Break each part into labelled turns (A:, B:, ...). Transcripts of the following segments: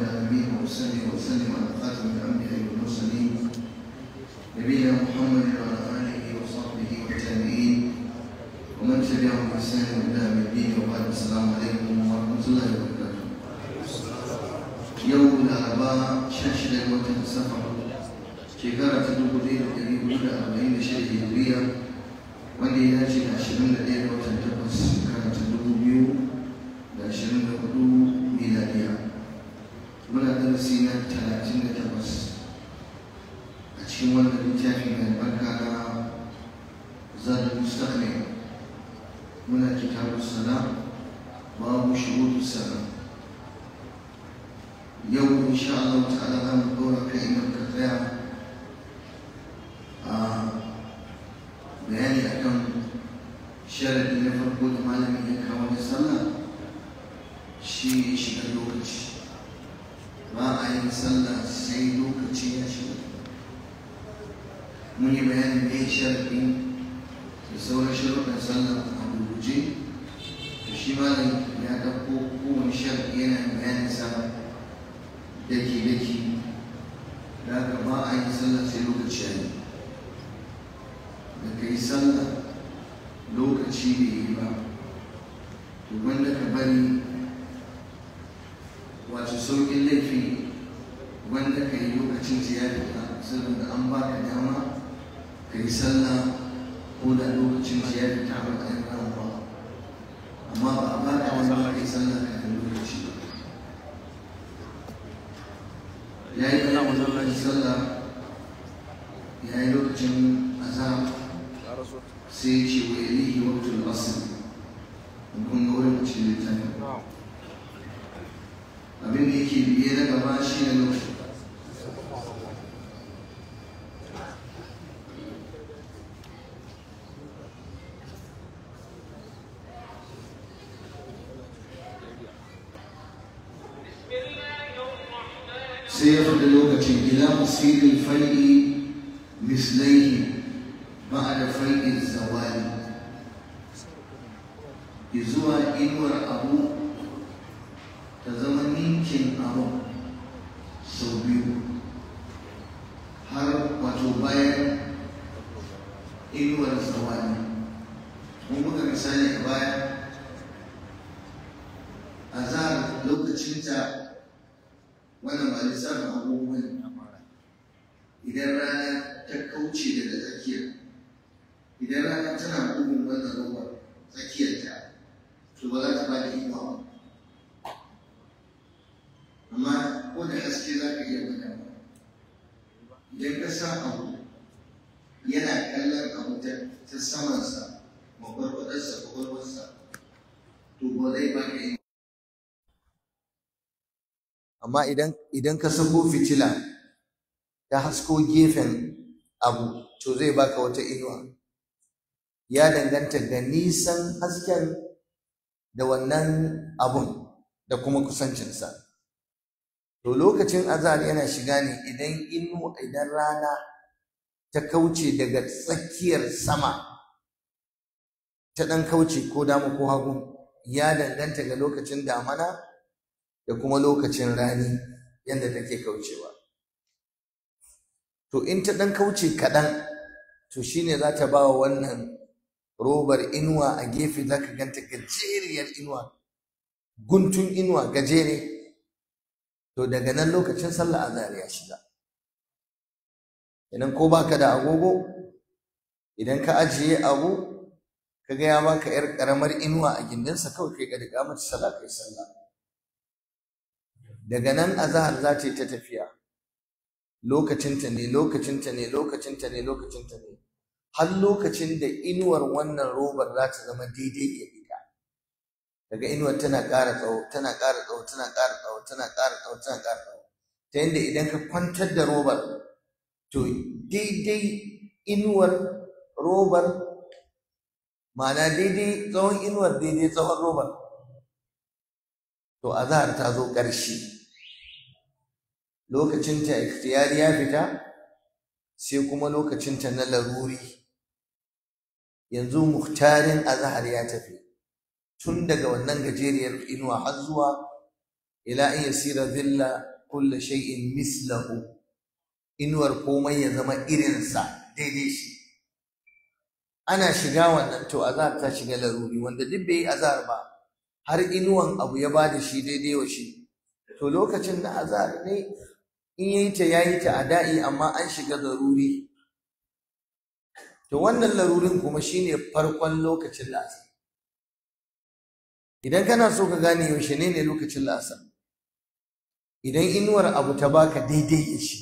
A: العالمين وأصلي وأسلم على خاتم الأنبياء والمرسلين نبينا محمد وعلى آله وصحبه والتابعين ومن تبعهم بإحسان إلى يوم الدين وبعد السلام عليكم ورحمة الله وبركاته يوم الأربعاء شاشة وتن سفر شكارة تدوبلين الذي ولد أربعين شهر هجرية ولي ياتي عشرين ليلة وتن تقص كانت تدوب يوم لعشرين لقدوم muna darasi na talatin da takwas a cikin wannan littafi mai albarka na zan mustaqbal muna kitabun sana babu shurutu sana yau insha Allah ta'ala za mu dora kai inda ka tsaya a bayani akan sharadi na farko da malamin ya kawo na sallah shi shiga lokaci ba a yin sallah sai lokaci ya shiga mun yi bayanin me sharadi da sauran sharuɗan sallah a rubuce Da shi malam ya ɗauko kowane sharadi yana bayanin sa dake-dake. da haka ba a yin sallah sai lokaci ya yi da ka yi sallah lokaci bai yi ba to wanda ka bari sauƙin laifi wanda ka yi lokacin ziyarta saboda an ba ka dama ka yi sallah ko da lokacin ziyarta ba ka yi ba amma ba a ba ka ba ka yi sallah ka yi lokaci ba ya yi ana wajen sallah ya yi lokacin azab sai ce wa yalihi waktul asr kun ga wurin cikin littafin abin da yake biye na gaba shi ne lokaci sai ya faɗi lokacin ila musirin fai'i mislaihi ma'ada fai'in zawali zuwa inuwar abu amma idan ka sako fitila ta hasko gefen abu to zai baka wata inuwa ya danganta ga nisan hasken da wannan abun da kuma kusancinsa to lokacin azhar yana shiga ne idan inu idan rana ta kauce daga tsakiyar sama ta ɗan kauce ko damu ko hagu ya danganta ga lokacin damana da kuma lokacin rani yadda take kaucewa to in ta ɗan kauce kaɗan to shi ne za ta ba wa wannan robar inuwa a gefe za ka ganta gajeriyar inuwa guntun inuwa gajere to daga nan lokacin sallah azhar ya shiga idan ko baka da agogo idan ka ajiye abu ka gaya maka yar ƙaramar inuwa a gindinsa kawai kai ka riga mata sallah kai sallah daga nan azahar za ta yi ta tafiya lokacinta ne lokacinta ne lokacinta ne lokacinta ne har lokacin da inuwar wannan robar za ta zama daidai ya bida daga inuwar tana ƙara tsawo tana ƙara tsawo tana ƙara tsawo tana ƙara tsawo tana ƙara tsawo ta yadda idan ka kwantar da robar to daidai inuwar robar ma'ana daidai tsawon inuwar daidai tsawon robar to azahar ta zo ƙarshe lokacinta ikhtiyari ya fita sai kuma lokacinta na laruri yanzu muhtarin azhar ya tafi tun daga wannan gajeriyar inuwa har zuwa ila an yasira zilla kulla shay'in mislahu inuwar komai ya zama irinsa daidai shi ana shiga wannan to azhar ta shiga laruri wanda duk bai yi azhar ba har inuwan abu ya bada shi daidai wa shi to lokacin da azhar ne in yayi ta yayi ta ada'i amma an shiga daruri to wannan larurin kuma shine farkon lokacin la'asar idan kana so ka gane yaushe ne ne lokacin la'asar idan inuwar abu ta baka daidai ya shi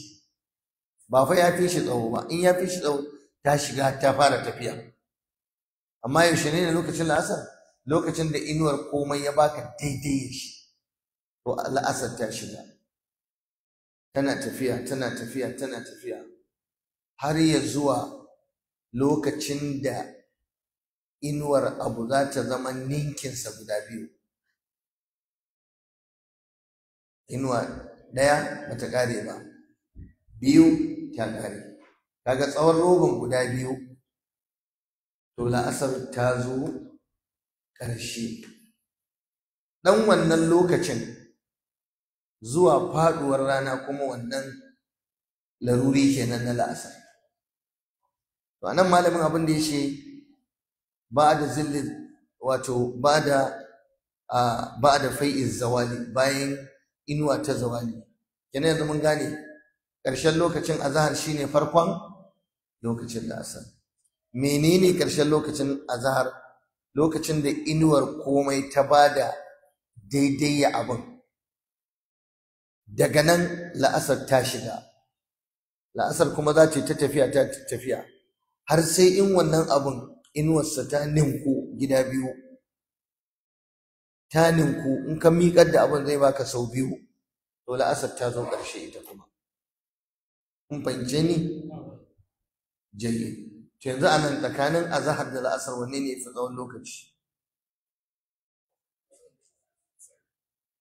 A: ba fa ya fi shi tsawo ba in ya fi shi tsawo ta shiga ta fara tafiya amma yaushe ne ne lokacin la'asar lokacin da inuwar komai ya baka daidai ya shi to la'asar ta shiga tana tafiya tana tafiya tana tafiya har ya zuwa lokacin da inuwar abu za ta zama ninkinsa guda biyu inuwa ɗaya ta ƙare ba biyu ta ƙare kaga tsawon rogon guda biyu to la'asar ta zo ƙarshe ɗan wannan lokacin zuwa faduwar rana kuma wannan laruri kenan na la'asar to anan malamin abin da ya ce ba da zillin wato ba da ba da fa'iz zawali bayan inuwa ta zawali kenan yanzu mun gane ƙarshen lokacin azahar shine farkon lokacin la'asar menene ƙarshen lokacin azahar lokacin da inuwar komai ta da daidai ya abin daga nan la'asar ta shiga la'asar kuma za ta ta tafiya ta tafiya har sai in wannan abin inuwarsa ta ninku gida biyu ta ninku in ka miƙar da abin zai baka sau biyu to la'asar ta zo ƙarshe ita kuma kun fahimce ni jayi to yanzu a nan tsakanin azahar da la'asar wanne ne fi tsawon lokaci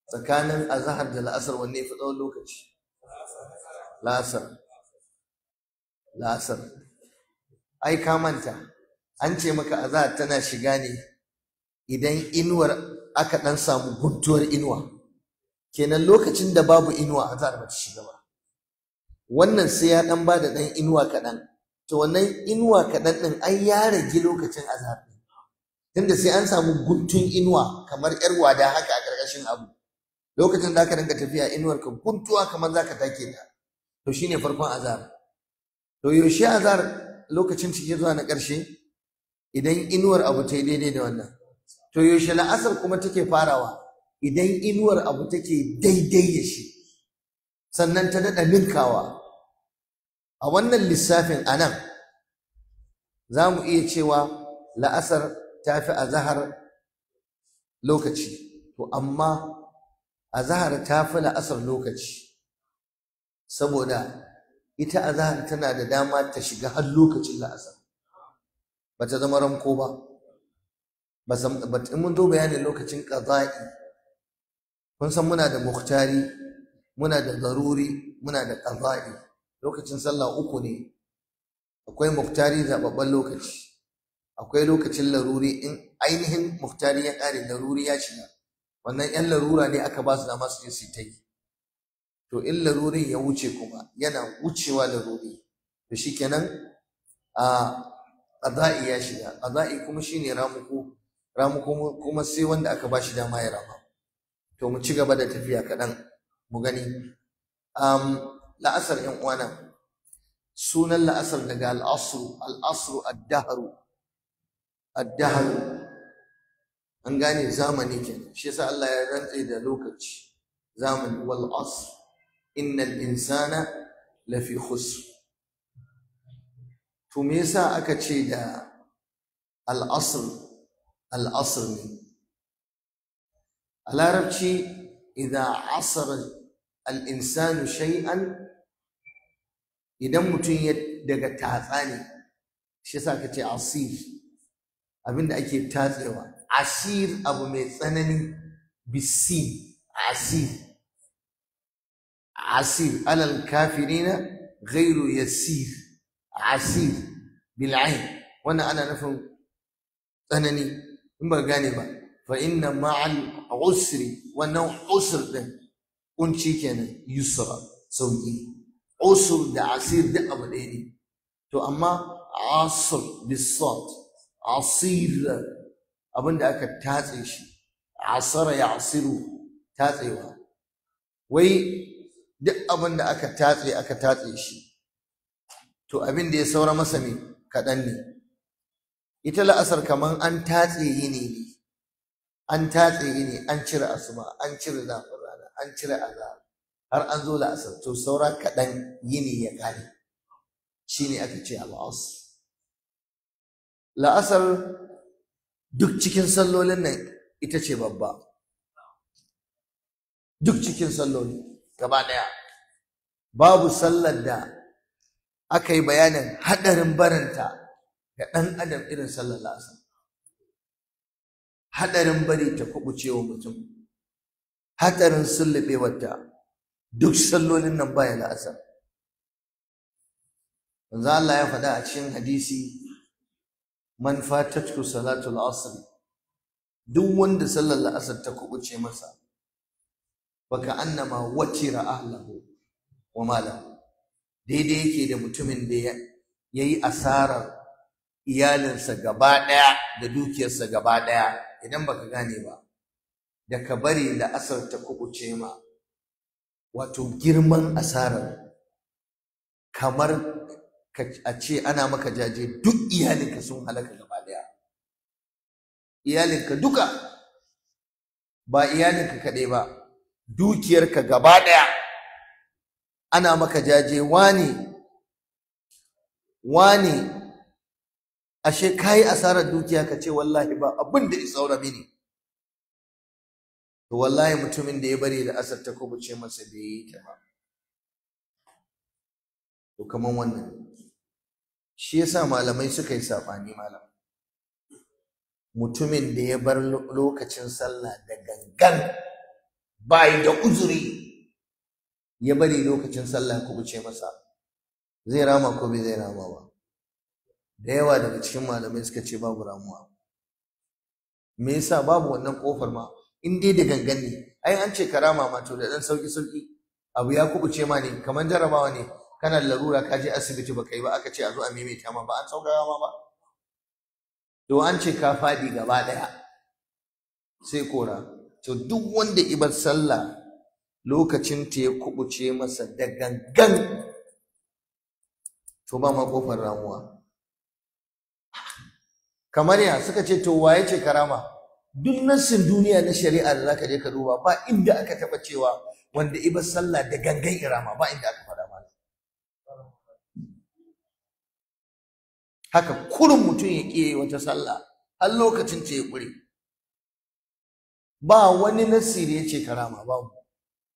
A: tsakanin azahar da la'asar wanne fi tsawon lokaci la'asar la'asar ai ka manta an ce maka azahar tana shiga ne idan inuwar aka dan samu guntuwar inuwa kenan lokacin da babu inuwa azahar ba ta shiga ba wannan sai ya dan bada dan inuwa kaɗan to wannan inuwa kaɗan ɗin ai ya rage lokacin azahar tunda sai an samu guntun inuwa kamar yar wada haka a ƙarƙashin abu lokacin da aka dinga tafiya inuwar ka guntuwa kamar zaka take ta to shine farkon azar to yaushe azar lokacin cike zuwa na ƙarshe idan inuwar abu ta yi daidai da wannan to yaushe la'asar kuma take farawa idan inuwar abu take daidai da shi sannan ta daɗa ninkawa a wannan lissafin a nan za mu iya cewa la'asar ta fi azahar lokaci to amma azahar ta fi la'asar lokaci saboda ita azahar tana da dama ta shiga har lokacin la'asar ba ta zama ranko ba Ba in mun zo bayanin lokacin ƙaza'i kun san muna da muhtari muna da zaruri muna da ƙaza'i lokacin sallah uku ne akwai muhtari zaɓaɓɓen lokaci akwai lokacin laruri in ainihin muhtari ya ƙare laruri ya shiga wannan yan larura ne aka ba su dama su je su ta yi to in larurin ya wuce kuma yana wucewa laruri to shikenan a qada'i ya shiga qada'i kuma shine ramuku ramuku kuma sai wanda aka ba shi dama ya rama to mu ci gaba da tafiya kaɗan mu gani la'asar yan uwana sunan la'asar daga al'asru al'asru ad daharu an gane zamani kenan shi yasa Allah ya rantse da lokaci zamani wal asr innal insana lafi khusr to me yasa aka ce da al asr al asr ne a larabci idan asar Al'insanu shay'an idan mutum ya daga tatsa ne shi yasa aka ce asir abinda ake tatsewa asir abu mai tsanani bisin asir asir alal kafirina ghairu yasir asir bil'ain wannan ana nufin tsanani in ba gane ba fa inna ma'al usri wannan usr din kunci kenan yusra sauki usr da asir da abu ɗaya ne to amma asr bisat asir abin da aka tatse shi asara ya asiru tatsewa wai duk abinda aka tatse aka tatse shi to abin da ya saura masa ne kaɗan ne ita la'asar kamar an tatse yi ne an tatse yini an cire asuma an cire zafin rana an cire azab har an zo la'asar to saura kaɗan yi ne ya kare shi ne aka ce al'asr la'asar duk cikin sallolin nan ita ce babba duk cikin salloli gaba ɗaya babu sallar da aka yi bayanin haɗarin barinta ga ɗan adam irin sallar lasa haɗarin bari ta kuɓuce wa mutum haɗarin wata, duk sallolin nan baya la'asar Allah ya faɗa a cikin hadisi man salatu salatul asr duk wanda sallar la'asar ta kubuce masa ka annama watira ahlahu wa malahu daidai yake da mutumin da ya yi asarar iyalinsa gaba ɗaya da dukiyarsa gaba ɗaya idan baka gane ba da ka bari la'asar ta kubuce ma wato girman asarar kamar a ce ana maka jaje duk iyalinka sun halaka gaba daya iyalinka duka ba iyalinka kaɗai ba dukiyarka gaba daya ana maka jaje wani, wani. ashe kayi asarar dukiya ka ce wallahi ba abin da ya saura mini
B: to wallahi mutumin da ya bari da
A: asar ta ce masa bai yi ta ba to kaman wannan shi yasa malamai suka yi sabani malam mutumin da ya bar lokacin sallah da gangan bai da uzuri ya bari lokacin sallah ku wuce masa zai rama ko bai zai rama ba da yawa daga cikin malamai suka ce babu ramuwa me yasa babu wannan kofar ma in dai da gangan ne ai an ce karama ma to da dan sauki sauki abu ya kubuce ma ne kamar jarabawa ne kana larura ka je asibiti ba kai ba aka ce a zo a maimaita ma ba an saurara ma ba to an ce ka faɗi gaba ɗaya sai kora to duk wanda ibar sallah lokacin ta ya kubuce masa da gangan to ba ma kofar ramuwa kamar ya suka ce to waye ce karama duk nassin duniya na shari'a da zaka je ka duba ba inda aka taba cewa wanda ibar sallah da gangan irama ba inda aka haka kurin mutum ya ƙi wata sallah har lokacin ce ya ba wani nasiri ya ce karama babu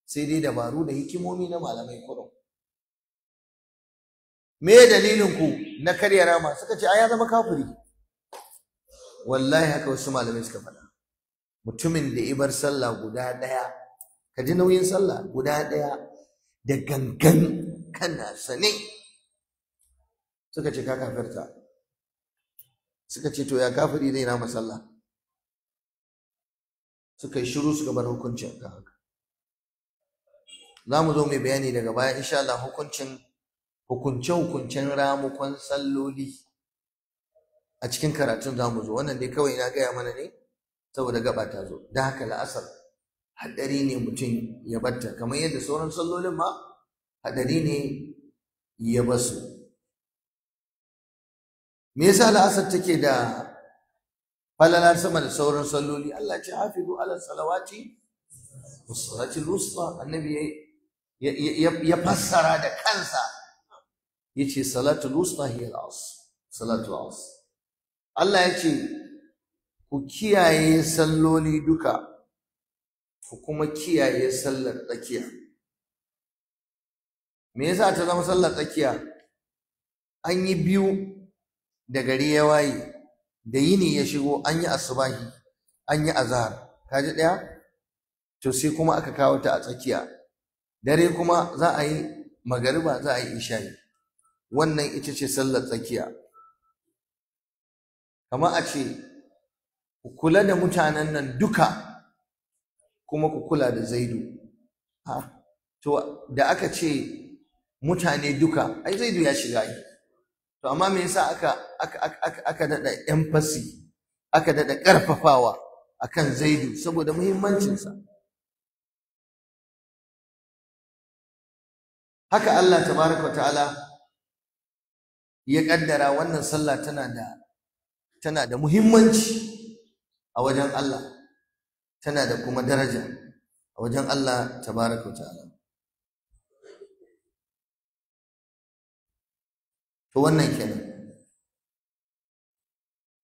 A: sai dai dabaru da hikimomi na malamai kurin me dalilin ku na karya rama suka ce a ya zama kafiri wallahi haka wasu malamai suka faɗa mutumin da ibar sallah guda ɗaya ka ji nauyin sallah guda ɗaya da gangan kana sane suka ce ka kafirta suka ce to ya kafiri zai na sallah suka yi shiru suka bar hukuncin ga haka za mu zo mai bayani daga baya insha Allah hukuncin hukunce hukuncen ramukon salloli a cikin karatun za mu zo wannan dai kawai na gaya mana ne saboda gaba ta zo da haka la'asar haɗari ne mutum ya batta kamar yadda sauran sallolin ma haɗari ne ya basu me yasa al'asar take da falalar sama da sauran salloli Allah ce hafizu ala salawati wassalati al-wusta annabi ya fassara da kansa yace salatu al-wusta hiya al salatu al-asr Allah yace ku kiyaye salloli duka ku kuma kiyaye sallar tsakiya me yasa ta zama sallar tsakiya an yi biyu da gari ya waye da yini ya shigo an yi asubahi an yi azhar ji ɗaya to sai kuma aka kawo ta a tsakiya dare kuma za a yi magariba za a yi isha'i wannan ita ce sallar tsakiya kama a ce ku kula da mutanen nan duka kuma ku kula da zaidu ah, to da aka ce mutane duka ai zaidu ya shiga yi to amma me yasa aka aka aka aka dada emphasis aka dada karfafawa akan zaidu saboda muhimmancinsa haka Allah tabaraka ta'ala ya kaddara wannan sallah tana da tana da muhimmanci a wajen Allah tana da kuma daraja a wajen Allah tabaraka ta'ala to wannan kenan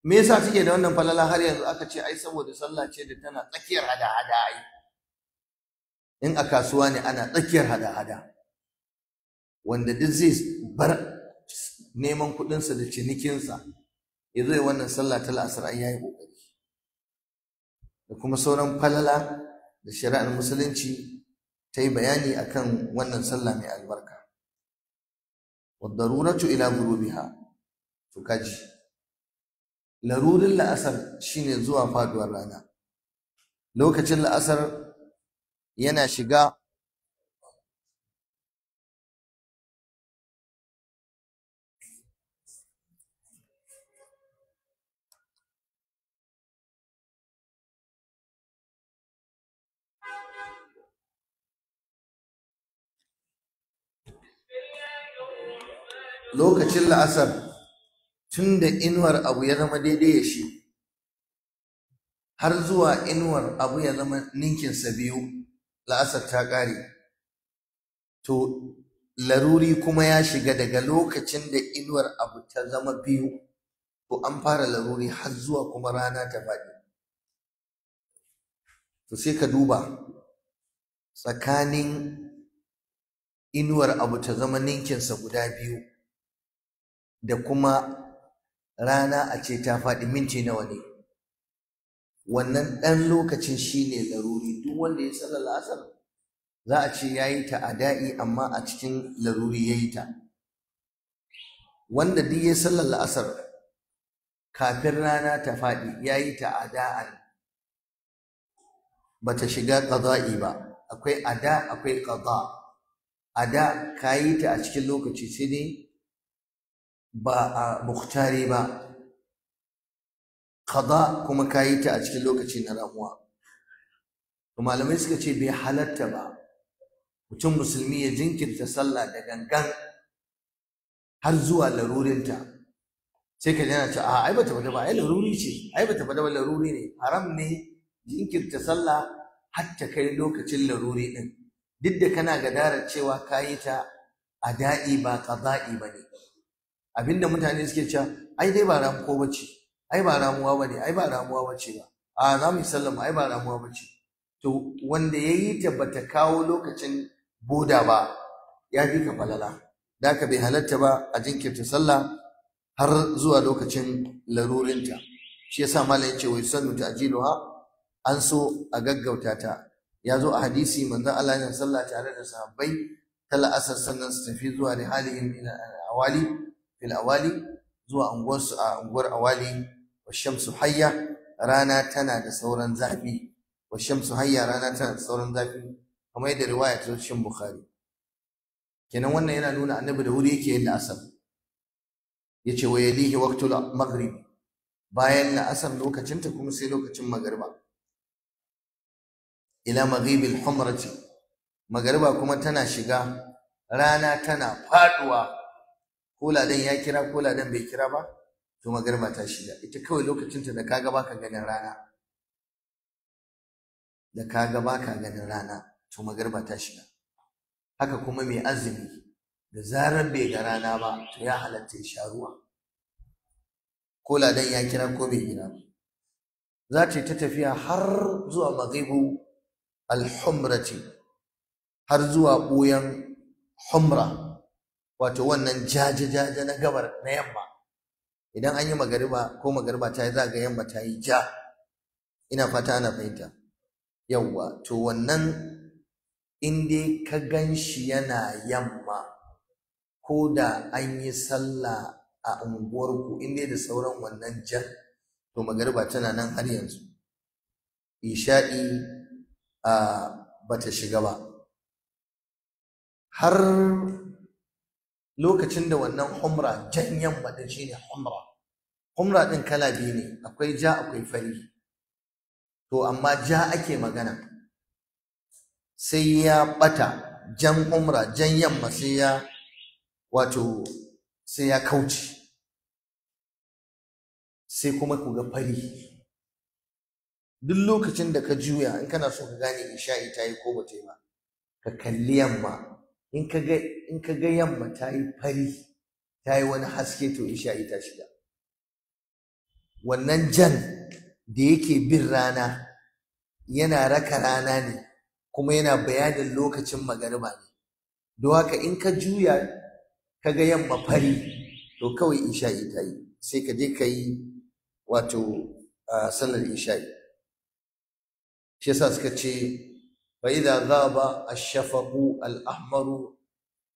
A: me yasa take da wannan falala har yanzu aka ce ai saboda sallah ce da tana tsakiyar hada-hada ai in a kasuwa ne ana tsakiyar hada-hada wanda duk zai bar neman kuɗinsa da cinikinsa ya zo wannan sallah ta la'asar ai yayi kokari da kuma sauran falala da shari'ar musulunci ta yi bayani akan wannan sallah mai albarka wadaruratu ila gurubiha to larurin la'asar shine zuwa faduwar rana lokacin la'asar yana shiga lokacin la'asar tun da inuwar abu ya zama daidai ya shi har zuwa inuwar abu ya zama ninkinsa biyu la'asar ta ƙare to laruri kuma ya shiga daga lokacin da inuwar abu ta zama biyu to an fara laruri har zuwa kuma rana ta faɗi to sai ka duba tsakanin inuwar abu ta zama ninkinsa guda biyu da kuma rana a ce ta faɗi minti nawa ne wannan ɗan lokacin shi ne laruri duk wanda ya sallar la'asar za a ce ya yi ta a da'i amma a cikin laruri ya yi ta wanda duk ya sallar la'asar kafin rana ta faɗi ya yi ta a da'an ba ta shiga ƙaza'i ba akwai ada akwai ƙaza ada ka yi ta a cikin lokaci sai dai ba a muhtari ba kada kuma ka yi ta a cikin lokaci na ramuwa to malamai suka ce bai halatta ba mutum musulmi ya jinkirta sallah da gangan har zuwa larurinta sai ka yana ta a ai bata fada ba ai laruri ce ai bata fada ba laruri ne haram ne jinkirta sallah har ta kai lokacin laruri din duk da kana gadarar cewa ka yi ta a da'i ba qada'i ba ne abinda mutane suke cewa ai dai ba ramuwa bace ai ba ramuwa ne, ai ba ramuwa bace ba a za mu yi sallama ai ba ramuwa bace to wanda ya yi ta bata kawo lokacin boda ba ya fi ka falala da ka bai halatta ba a jinkirta sallah har zuwa lokacin larurinta shi yasa malam yace wa ta ta'jiluha an so a gaggauta ta ya zo a hadisi manzon Allah ya sallah tare da sahabbai tala asar sannan su tafi zuwa da halihim ila awali fil awali zuwa unguwarsu a unguwar awali wa shamsu hayya rana tana da sauran zafi wa shamsu hayya rana tana da sauran zafi kamar yadda riwaya ta cikin bukhari kenan wannan yana nuna annabi da wuri yake yadda asar yace wa yalihi waqtul maghrib bayan lokacin lokacinta kuma sai lokacin magariba ila al humrati magariba kuma tana shiga rana tana faduwa ko ya kira ko bai kira ba to magarba ta shiga ita kawai lokacinta da kaga baka ganin rana da kaga baka ganin rana to magarba ta shiga haka kuma mai azumi da zarar bai ga rana ba to ya halatta ya sha ruwa ya kira ko bai kira ba za ta yi ta tafiya har zuwa maghibu al-humrati har zuwa ɓoyan humra wato wannan jaje-jaje na gabar na yamma idan an yi magariba ko magariba ta yi za ga yamma ta yi ja ina fata ana fahimta yawwa to wannan in dai ka gan shi yana yamma ko da an yi sallah a unguwarku in dai da sauran wannan jan to magariba tana nan har yanzu isha'i a ah, bata shiga ba har lokacin da wannan humra jan yamma din shine humra humra din kala biyu ne akwai ja akwai fari to amma ja ake magana sai ya bata jan umra jan yamma sai ya wato sai ya kauce sai kuma ku ga fari duk lokacin da ka juya in kana so ka gane isha'i ta yi ko ba ta yi ba ka kalli yamma in ka ga yamma ta yi fari ta yi wani haske to isha'i ta shiga wannan jan da yake bin rana yana raka rana ne kuma yana bayanin lokacin magariba ne don haka in ka juya ka ga yamma fari to kawai isha ita yi sai ka je ka yi wato ah, sallar isha'i shi yasa suka ce fa idza ghaba ash-shafaqu al-ahmaru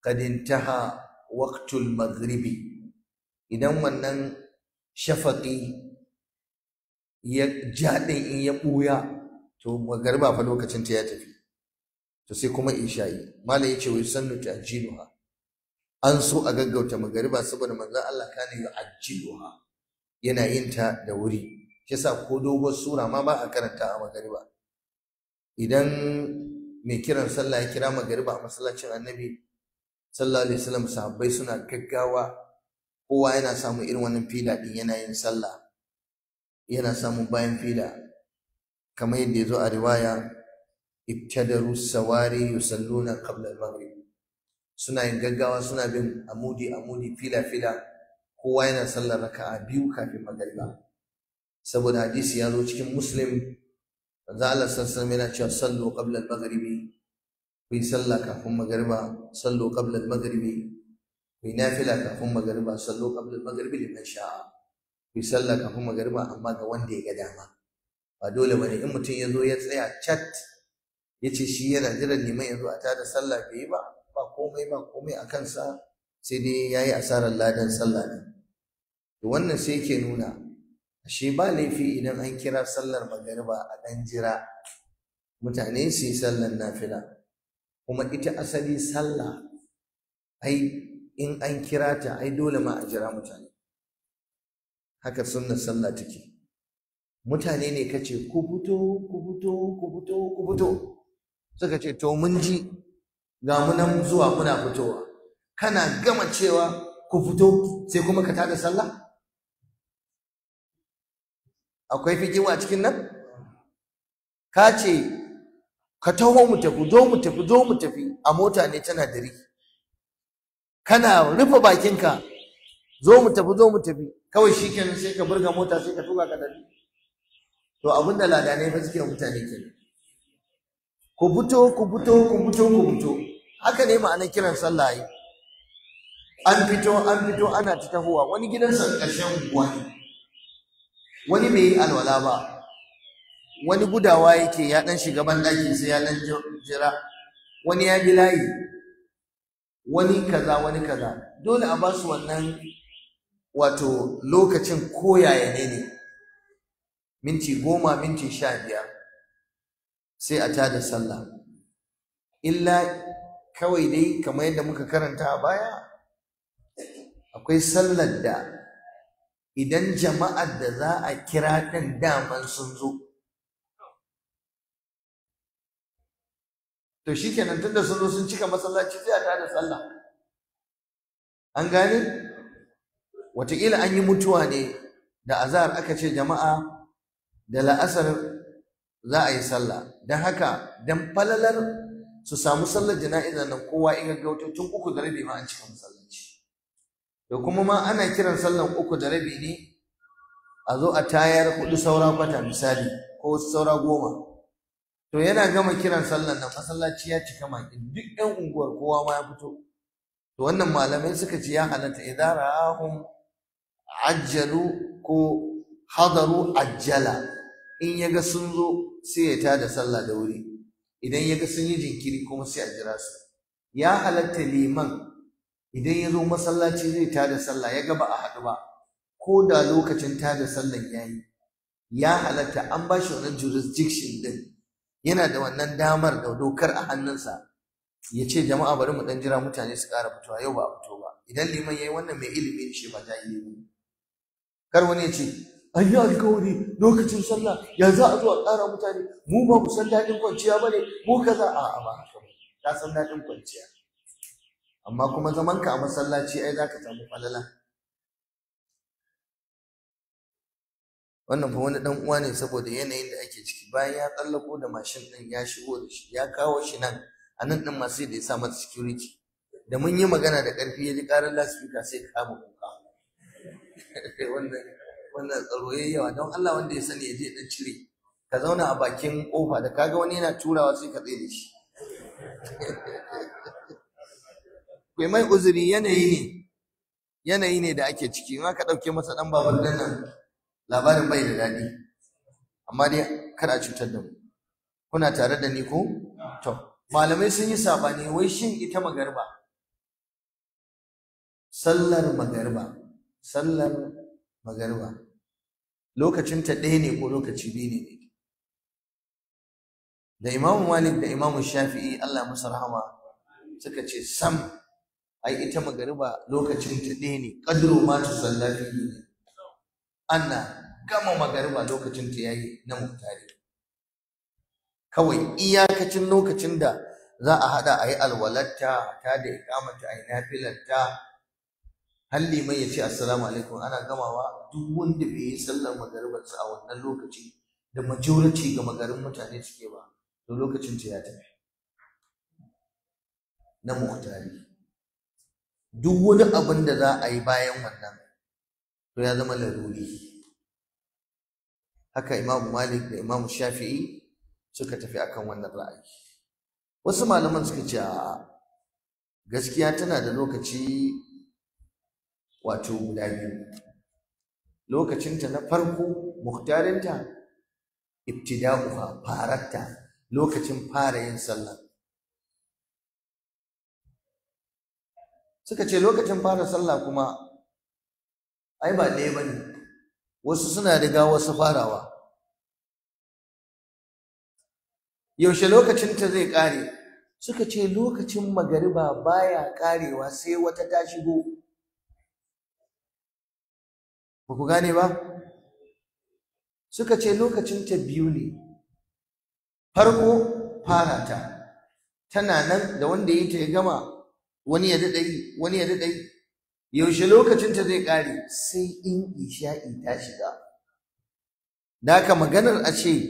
A: qad idan wannan shafaƙi ya ɗin in ya ɓuya to magariba fa lokacin ta ya tafi to sai kuma isha'i mala yace wa yusannu ta'jiluha an so a gaggauta magariba saboda manza Allah kana yu'ajjiluha yana yin ta da wuri shi yasa ko dogon sura ma ba a karanta a magariba idan mai kiran sallah ya kira magariba a masallacin annabi sallallahu alaihi wasallam sahabbai suna gaggawa kowa yana samun irin wannan fila din yana yin sallah yana samun bayan fila kamar yadda ya zo a riwaya ibtadaru sawari yusalluna qabla al-maghrib suna yin gaggawa suna bin amudi amudi fila fila kowa yana sallar raka'a biyu kafin magariba saboda hadisi ya zo cikin muslim manzo Allah sallallahu yana cewa sallu qabla al-maghribi ku yi sallah kafin magariba sallu qabla al-maghribi ku yi nafila kafin magariba sallu qabla al-maghribi liman sha'a ku yi sallah kafin magariba amma ga wanda ya ga dama ba dole bane in mutum ya zo ya tsaya chat ya ce shi yana jiran neman ya zo a tada sallah bai yi ba ba komai ba komai a kansa sai dai ya yi asarar ladan sallah ne
B: wannan sai ke nuna
A: ashe ba laifi idan an kira sallar magariba a ɗan jira mutane su yi sallar nafila kuma ita asali salla ai in an kira ta ai dole ma a jira mutane haka sunna salla take mutane ne kace ku fito ku fito ku fito ku fito suka ce to mun ji ga mu nan zuwa muna fitowa kana gama cewa ku fito sai kuma ka tada sallah akwai fikin a cikin nan ka ce ka taho mu tafi zo mu tafi zo mu tafi a mota ne tana dari kana rufe bakinka zo mu tafi zo mu tafi kawai shi kenan sai ka burga mota sai ka tuka ka tafi to abin da ladanai fa suke mutane kenan ku fito ku fito ku fito ku fito haka ne ma'anar kiran sallah yi an fito an fito ana ta tahowa wani gidansa ƙarshen wani wani bai yi alwala ba wani gudawa yake ya dan shiga banɗaki sai ya dan jira wani ya bi layi wani kaza wani kaza dole a ba su wannan wato lokacin koyaya ne ne minti goma minti sha biyar sai a tada sallah illa kawai dai kamar yadda muka karanta a baya akwai sallar da idan jama'ar da za a kira ɗin daman sun zo to shi kenan tunda sun zo sun cika masallaci zai a da sallah an gane wataƙila an yi mutuwa ne da azar aka ce jama'a da la'asar za a yi sallah don haka don falalar su samu sallar jana'izar nan kowa in gaggauta tun uku da rabi ma an cika masallaci da kuma ma ana kiran sallan uku da rabi ne a zo a tayar hudu saura kwata misali ko saura goma to yana gama kiran sallan na masallaci ya cika makin duk yan unguwar kowa ma ya fito to wannan malamai suka ce ya halatta idara ahum ajjalu ko hadaru ajjala in yaga sun zo sai ya tada sallah da wuri idan yaga sun yi jinkiri kuma sai a jira su ya halatta liman idan ya zo masallaci zai tada sallah ya gaba a haɗu ba ko da lokacin tada sallan ya yi ya halatta an ba shi wannan jurisdiction din yana da wannan damar da dokar a hannunsa ya ce jama'a bari mu dan jira mutane su ƙara fitowa yau ba a fito ba idan liman ya yi wannan mai ilimi shi ba yi ne kar wani ya ce an yi alkawari lokacin sallah ya za a zo a ƙara mutane mu ba mu san daɗin kwanciya ba ne mu kaza a'a ba haka ba ta san daɗin kwanciya amma kuma zamanka a masallaci ai za ka samu falala wannan fa wani dan uwa ne saboda yanayin da ake ciki bayan ya tsallako da mashin din ya shigo da shi ya kawo shi nan a nan din masu da ya sa masa security da mun yi magana da karfi ya ji karar lasfika sai ka kama kuka wannan wannan tsaro yawa don Allah wanda ya sani ya je dan cire ka zauna a bakin kofa da kaga wani yana turawa sai ka tsaye da shi Kai mai uzuri yanayi ne yanayi ne da ake ciki in aka ɗauke masa ɗan baban dan nan labarin bai da daɗi amma dai kada cutar da mu kuna tare da ni ko to malamai sun yi sabani wai shin ita magarba sallar magarba sallar magarba lokacinta ɗaya ne ko lokaci biyu ne da imamu malik da imamu shafi'i allah musu rahama suka ce sam ai ita magariba lokacin ta ɗaya ne ƙadru ma ta salla ne ana gama magariba lokacin ta yayi na muhtari kawai iyakacin lokacin da za a haɗa a yi alwalarta ta da ikamata a yi nafilarta halli mai ya ce assalamu alaikum ana gamawa duk wanda bai yi sallar magariba su a wannan lokaci da majority ga magarin mutane suke ba to lokacin ta ya tafi na muhtari duk wani abin da za a yi bayan wannan to ya zama laruri haka imamu malik da imamu shafi'i suka tafi akan wannan ra'ayi wasu malaman suka ce gaskiya tana da lokaci wato guda biyu lokacinta na farko muhtarinta ibtida'uha fararta lokacin fara yin sallah suka ce lokacin fara sallah kuma ai ba ɗaya ba ne wasu suna riga wasu farawa yaushe lokacinta zai ƙare suka ce lokacin magariba baya ƙarewa sai wata ta shigo ba ku gane ba suka ce lokacinta biyu ne farko farata. tana nan da wanda yi ta ya gama wani ya daɗa yi wani ya daɗa yi yaushe lokacinta zai ƙare sai in isha'i ta shiga da haka maganar a ce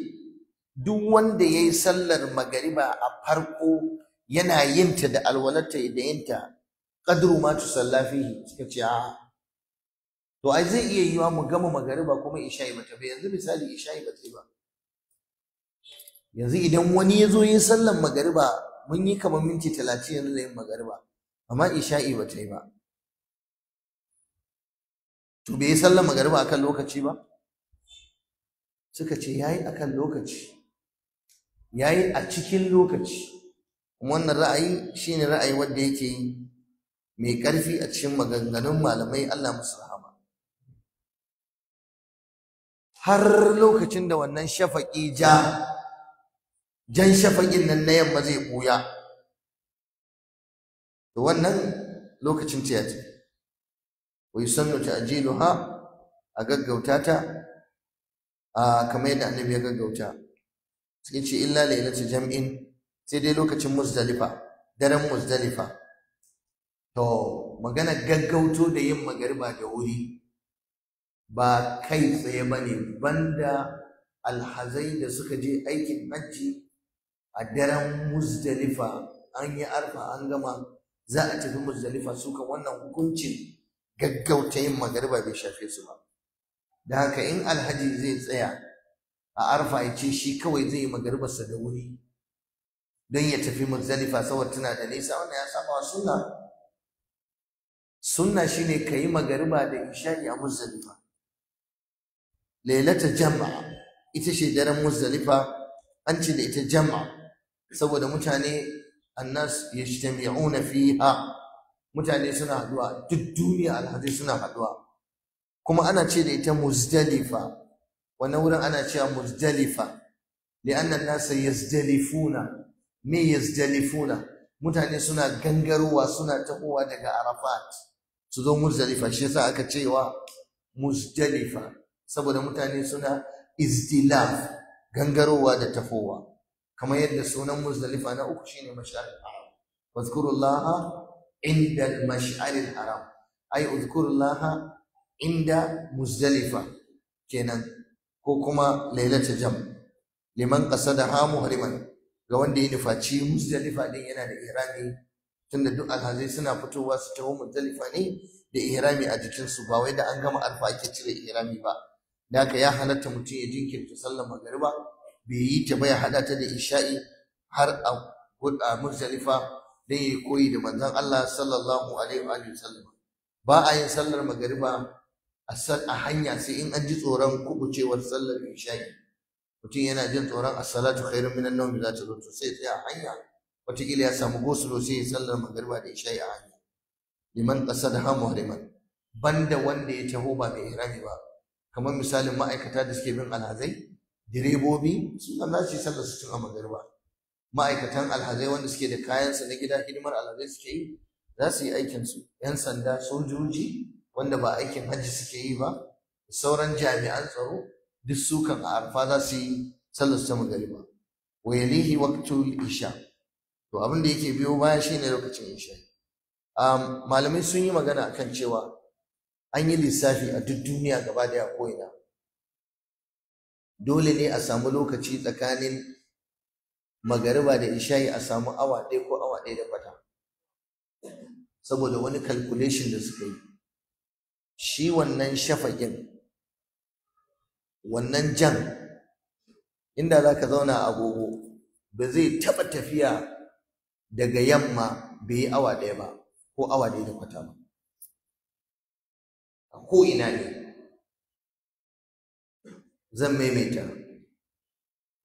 A: duk wanda ya yi sallar magariba a farko yana yinta da alwalarta da yinta ƙadiru ma tu suka ce a to ai zai iya yiwa mu gama magariba kuma isha'i bata ba yanzu misali isha'i bata ba yanzu idan wani ya zo yin sallar magariba mun yi kamar minti talatin yanzu da yin magariba amma isha'i ba ta yi ba to bai yi sallar magariba akan lokaci ba suka ce yayi akan lokaci yayi a cikin lokaci wannan ra'ayi shine ra'ayi wanda yake yi mai karfi a cikin maganganun malamai Allah musu rahama har lokacin da wannan shafaƙi ja jan shafaƙin nan na yamma zai ɓuya to wannan lokacin ta yace ta ajilu ha a gaggauta ta a kamar yadda annabi ya gaggauta sai ce illa lailatul jam'in sai dai lokacin muzdalifa daren muzdalifa to magana gaggauto da yin magariba da wuri ba kai tsaye ba ne, banda alhazai da suka je aikin hajji a daren muzdalifa an yi arfa an gama za a tafi muzdalifa su kan wannan hukuncin gaggauta yin magariba bai shafe su ba da haka in alhaji zai tsaya a arfa ya ce shi kawai zai yi magaribarsa da wuri don ya tafi muzdalifa saboda tana da nisa wannan ya saba wa sunna sunna shine ka yi magariba da isha'i a muzdalifa lailata jama'a ita ce daren muzdalifa an ce da ita jama'a saboda mutane annas yajtami'una fiha mutane suna haduwa duk duniya alhaji suna haduwa kuma ana ce da ita muzdalifa wannan wurin ana cewa muzdalifa li'anna an-nas yazdalifuna me yazdalifuna mutane suna gangarowa suna tafowa daga arafat su zo muzdalifa shi yasa aka cewa muzdalifa saboda mutane suna izdilaf gangarowa da tafowa kamar yadda sunan muzdalifa na uku shine mash'aril haram laha inda mash'aril haram ai laha inda muzdalifa kenan ko kuma lailata jam liman qasadaha muhriman ga wanda ya nufaci muzdalifa ɗin yana da ihrami tunda duk alhazai suna fitowa su taho muzdalifa ne da ihrami a jikinsu ba wai da an gama alfa ake cire ihrami ba da haka ya halatta mutum ya jinkirta sallar magariba bai yi ta baya haɗa hada ta da isha'i har a a muzdalifa don yayi koyi da manzon Allah sallallahu alaihi wa sallam ba a yin sallar magariba a hanya sai in an ji tsoron kubucewar sallar isha'i mutum yana jin tsoron as-salatu khairun minan nawmi za ta sai a hanya wataƙila ya samu gosulo sai ya sallar magariba da isha'i a hanya liman qasadaha muhriman banda wanda ya taho ba mai ihrami ba kamar misalin ma'aikata da suke bin alhazai direbobi sun kan sallar su tun ma'aikatan alhazai wanda suke da kayansa na gida hidimar alhazai suke yi za su yi aikinsu 'yan sanda sojoji wanda ba aikin hajji suke yi ba sauran jami'an tsaro duk sukan a arfa za su yi sallar ta magariba wa yalihi waqtul isha to abin da yake biyo baya shine lokacin isha malamai sun yi magana akan cewa an yi lissafi a duk duniya gaba daya ko ina dole ne a samu lokaci tsakanin magariba da isha'i a samu awa ɗaya ko awa ɗaya da kwata saboda wani calculation da suka yi shi wannan shafaƙin wannan jan inda za ka zauna a agogo ba zai taɓa tafiya daga yamma bai yi awa ɗaya ba ko awa ɗaya da kwata ba a ina ne zan maimaita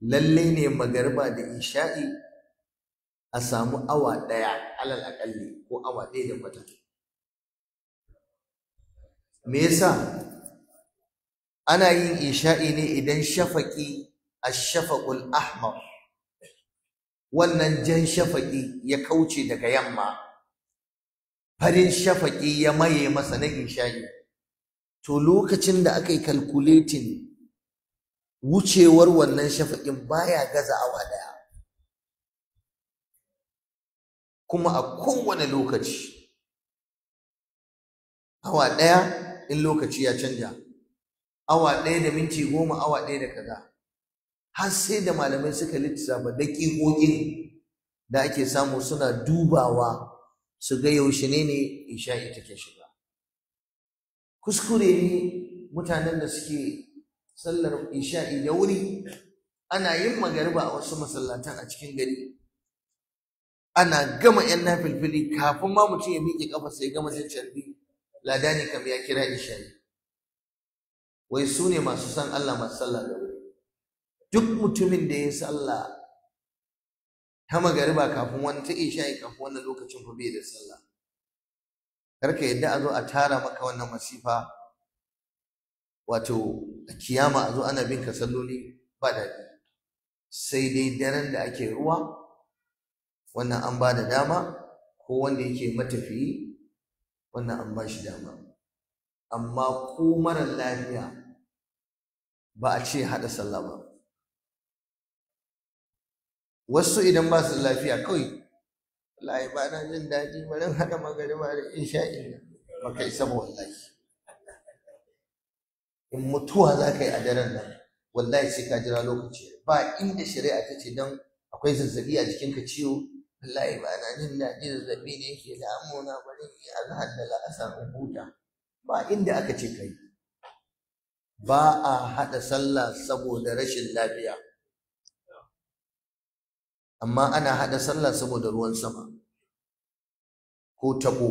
A: lalle ne magarba da isha'i a samu awa ɗaya alal aƙalli ko awa ɗaya da kwata me yasa ana yin isha'i ne idan shafaƙi ashafaqul ahmar wannan jan shafaƙi ya kauce daga yamma farin shafaƙi ya maye masa na isha'i to lokacin da aka yi calculating wucewar wannan shafaƙin baya gaza awa ɗaya kuma a kowane lokaci awa ɗaya in lokaci ya canja awa ɗaya da minti goma awa ɗaya da kaza har sai da malamai suka lissafa daƙiƙoƙin da ake samu suna dubawa su ga yaushe ne ne isha'i take shiga kuskure ne mutanen da suke sallar isha'i da wuri ana yin magariba a wasu masallatan a cikin gari ana gama yan nafilfili kafin ma mutum ya miƙe kafa sai gama sai carbi ladani kam ya kira isha'i wai su ne masu san Allah masu sallah da wuri duk mutumin da ya sallah ta magariba kafin wani ta isha'i kafin wannan lokacin ku bai da sallah karka yadda a zo a tara maka wannan masifa wato a kiyama a zo ana bin ka salloli ba daɗi sai dai daren da ake ruwa wannan an ba da dama ko wanda yake matafiyi wannan an ba shi dama amma ko mara lafiya ba a ce haɗa sallah ba wasu idan ba su lafiya kawai lai ba na jin daɗi don haɗa magariba da isha'i ba kai saboda lafiya. in mutuwa za ka yi a daren nan wallahi sai ka jira lokaci ba inda shari'a ta ce don akwai zazzabi a jikinka ciwo wallahi ba na jin ji zazzabi ne yake amona bari ne a zahar da la'asar in huta ba inda aka ce kai ba a haɗa sallah saboda rashin lafiya amma ana haɗa sallah saboda ruwan sama ko tabo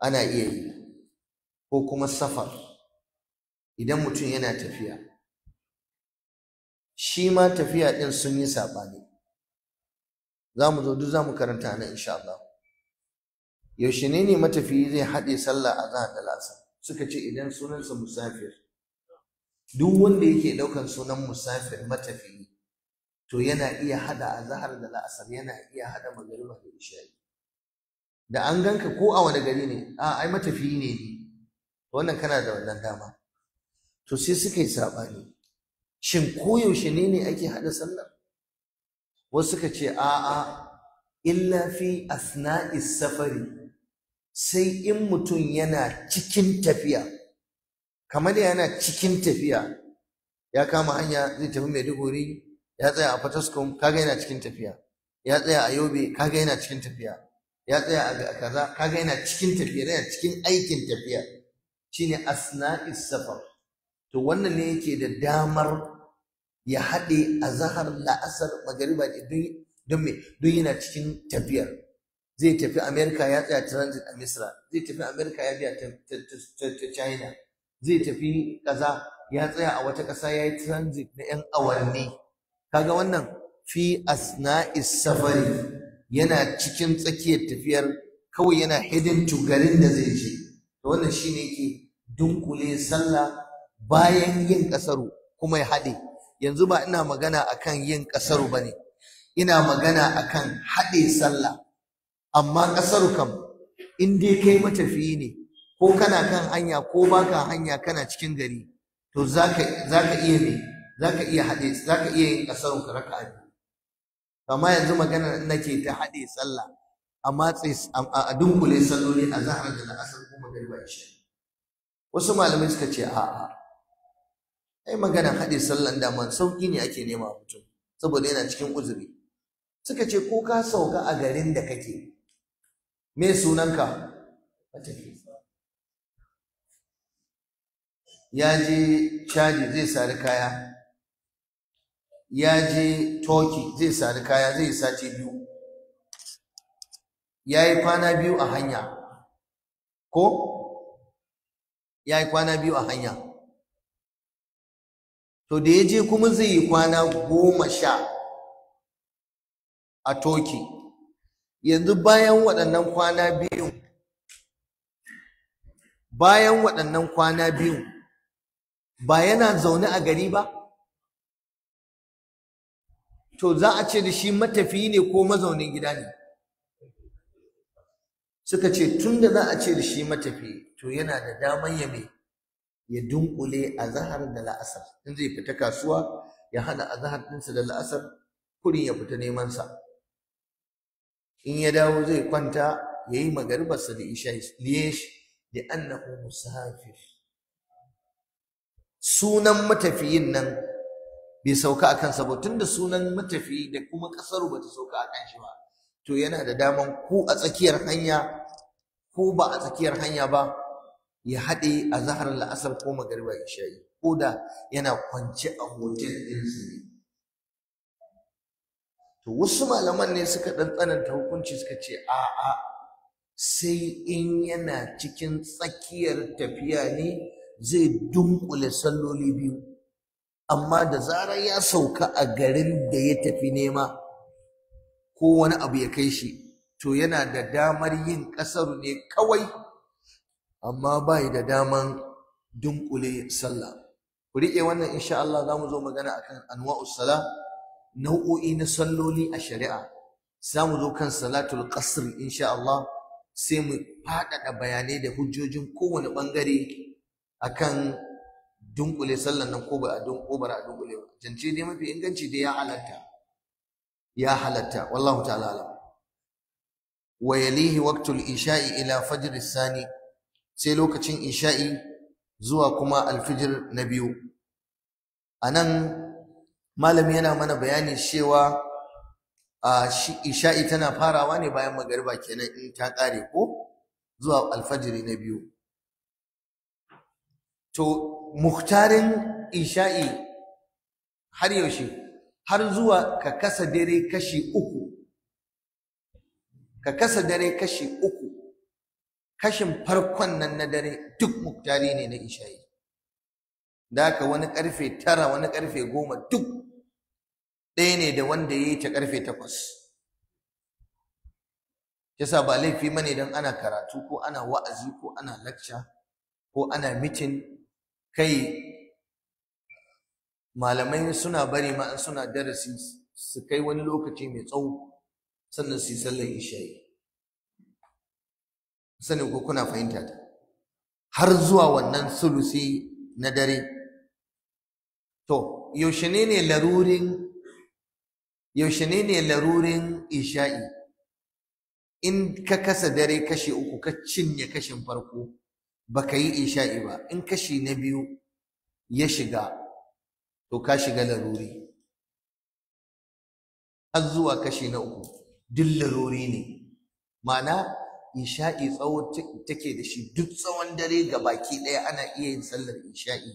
A: ana iya yi ko kuma safar idan mutum yana tafiya shi ma tafiya ɗin sun yi saɓani za mu zo duk za mu karanta nan insha Allah yaushe ne ne matafiyi zai haɗe sallah a zaha da lasa suka ce idan sunansa musafir duk wanda yake ɗaukan sunan musafir matafiyi to yana iya haɗa a zahar da la'asar yana iya haɗa magariba da ishayi. da an ganka ko a wani gari ne a ai matafiyi ne ni wannan kana da wannan dama to sai suka yi saɓani shin koyaushe ne ne ake haɗa sallar wasu suka ce a'a illa fi asna'i safari sai in mutum yana cikin tafiya kamar yana cikin tafiya ya kama hanya zai tafi Maiduguri ya tsaya a Fataskum kaga yana cikin tafiya ya tsaya a Yobe kaga yana cikin tafiya ya tsaya a kaza kaga yana cikin tafiya yana cikin aikin tafiya shine asna'i safar to wannan ne yake da damar ya haɗe a zahar la'asar magariba ne don me don yana cikin tafiyar zai tafi Amerika ya tsaya transit a misra zai tafi Amerika ya biya ta china zai tafi kaza ya tsaya a wata ƙasa ya yi transit na 'yan awanni kaga wannan fi is safari yana cikin tsakiyar tafiyar kawai yana hidin to garin da zai je to wannan shine yake dunkule sallah bayan yin kasaru kuma ya haɗe yanzu ba ina magana akan yin kasaru ba ne ina magana akan haɗe sallah amma kasaru kam in dai kai matafiyi ne ko kana kan hanya ko ba ka hanya kana cikin gari to za ka iya ne ka iya haɗe ka iya yin kasaru ka raka'a amma yanzu magana nake ta haɗe sallah a matsayi, a dunkule salloli a zahar da na asar kuma gari ba wasu malamai suka ce a'a ai magana haɗe sallan daman sauƙi ne ake nema mutum saboda yana cikin uzuri suka ce ko ka sauka a garin da kake me sunanka ya je chadi zai sari kaya ya je toki zai sari kaya zai sati biyu ya yi kwana biyu a hanya ko ya yi kwana biyu a hanya to da ya je kuma zai yi kwana goma sha a toki yanzu bayan waɗannan kwana biyu bayan waɗannan kwana biyu ba yana zaune a gari ba to za a ce da shi matafi ne ko mazaunin gida ne suka ce tun da za a ce da shi matafi, to yana da damar ya ya dunkule azahar da la'asar in zai fita kasuwa ya hada azahar ɗinsa da la'asar kuɗin ya fita neman sa in ya dawo zai kwanta ya yi magaribarsa da isha liyesh da annahu musafir sunan matafiyin nan bai sauka a kansa ba tunda sunan matafiyi da kuma ƙasar ba ta sauka a kan shi ba to yana da daman ko a tsakiyar hanya ko ba a tsakiyar hanya ba ya haɗe a zahar la'asar ko magariba isha'i ko da yana kwance a hotel su ne to wasu malaman ne suka ɗan tsananta hukunci suka ce a'a sai in yana cikin tsakiyar tafiya ne zai dunkule salloli biyu amma da zarar ya sauka a garin da ya tafi nema ko wani abu ya kai shi to yana da damar yin ƙasar ne kawai amma ba yi da daman dunkule sallah ku riƙe wannan insha Allah za mu zo magana akan anwa'u sala nau'o'i na salloli a shari'a za mu zo kan salatul qasr insha Allah sai mu faɗaɗa bayanai da hujjojin kowane ɓangare akan dunkule sallan nan ko ba a dunko ba a dunkule ba jance dai mafi inganci dai ya halatta ya halatta wallahu ta'ala wa yalihi waqtul isha'i ila fajr sani sai lokacin isha'i zuwa kuma alfijir na biyu a nan malami yana mana bayani cewa a isha'i tana farawa ne bayan magariba kenan in ta ƙare ko zuwa alfajiri na biyu to muhtarin isha'i har yaushe har zuwa ka kasa dare kashi uku ka kasa dare kashi uku kashin farkon nan na dare duk muktari ne na isha'i da haka wani karfe tara wani karfe goma duk ɗaya ne da wanda ya yi ta karfe takwas yasa ba laifi ba ne don ana karatu ko ana wa'azi ko ana lakca ko ana mitin kai malamai suna bari ma suna darasi su kai wani lokaci mai tsawo sannan su yi sallar isha'i sanin ko kuna fahimta ta har zuwa wannan sulusi na dare to yaushe ne ne larurin yaushe ne ne larurin isha'i in ka kasa dare kashe uku ka cinye kashin farko baka yi isha'i ba in kashi na biyu ya shiga to ka shiga laruri har zuwa kashi na uku duk laruri ne ma'ana isha'i tsawo take da shi duk tsawon dare ga baki ɗaya ana iya yin sallar isha'i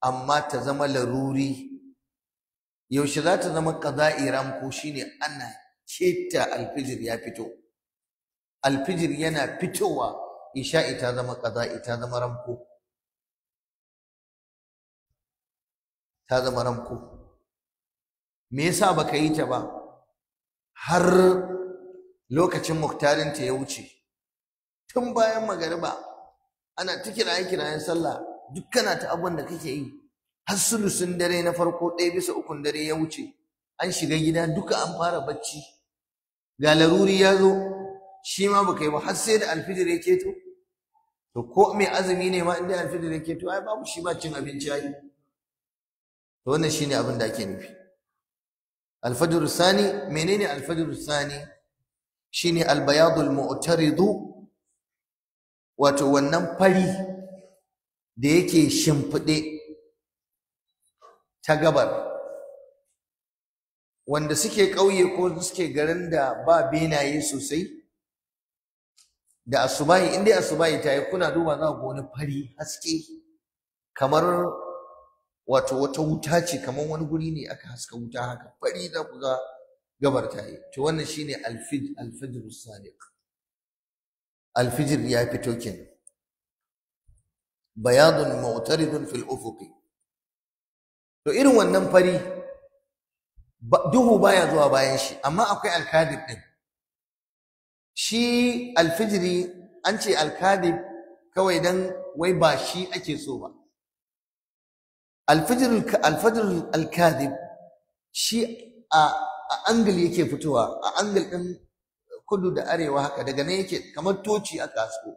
A: amma ta zama laruri yaushe za ta zama ƙaza'i ko shine ana keta alfijir ya fito alfijir yana fitowa isha'i ta zama ƙaza'i ta zama ramko ta zama ramko me yasa baka yi ta ba har lokacin muktarinta ya wuce tun bayan magariba ana ta kiraye-kirayen sallah duk kana ta abin da kake yi har sulusun dare na farko ɗaya bisa ukun dare ya wuce an shiga gida duka an fara bacci ga laruri ya zo shi ma baka yi ba har sai da alfijir ya keto to ko mai azumi ne ma in dai alfijir ya keto ai babu shi ma cin abinci ai to wannan shine abin da ake nufi alfajr sani menene alfajr sani shine albayadul mu'taridu wato wannan fari da yake shimfiɗe ta gabar wanda suke ƙauye ko suke garin da ba benaye sosai da asubahi inda asubahi ta yi kuna duba za ku wani fari haske kamar wato wata wuta ce kamar wani guri ne aka haska wuta haka fari za ku ga gabar ta yi to wannan shine alfijr alfijr sadiq alfijir ya fito kenan bayadun mu'taridun fil ufuqi to irin wannan fari duhu baya zuwa bayan shi amma akwai alkadib din shi alfijiri an ce alkadib kawai dan wai ba shi ake so ba alfijir alfajr alkadib shi a a angle yake fitowa a angle ɗin kudu da arewa haka daga nan yake kamar toci a kasko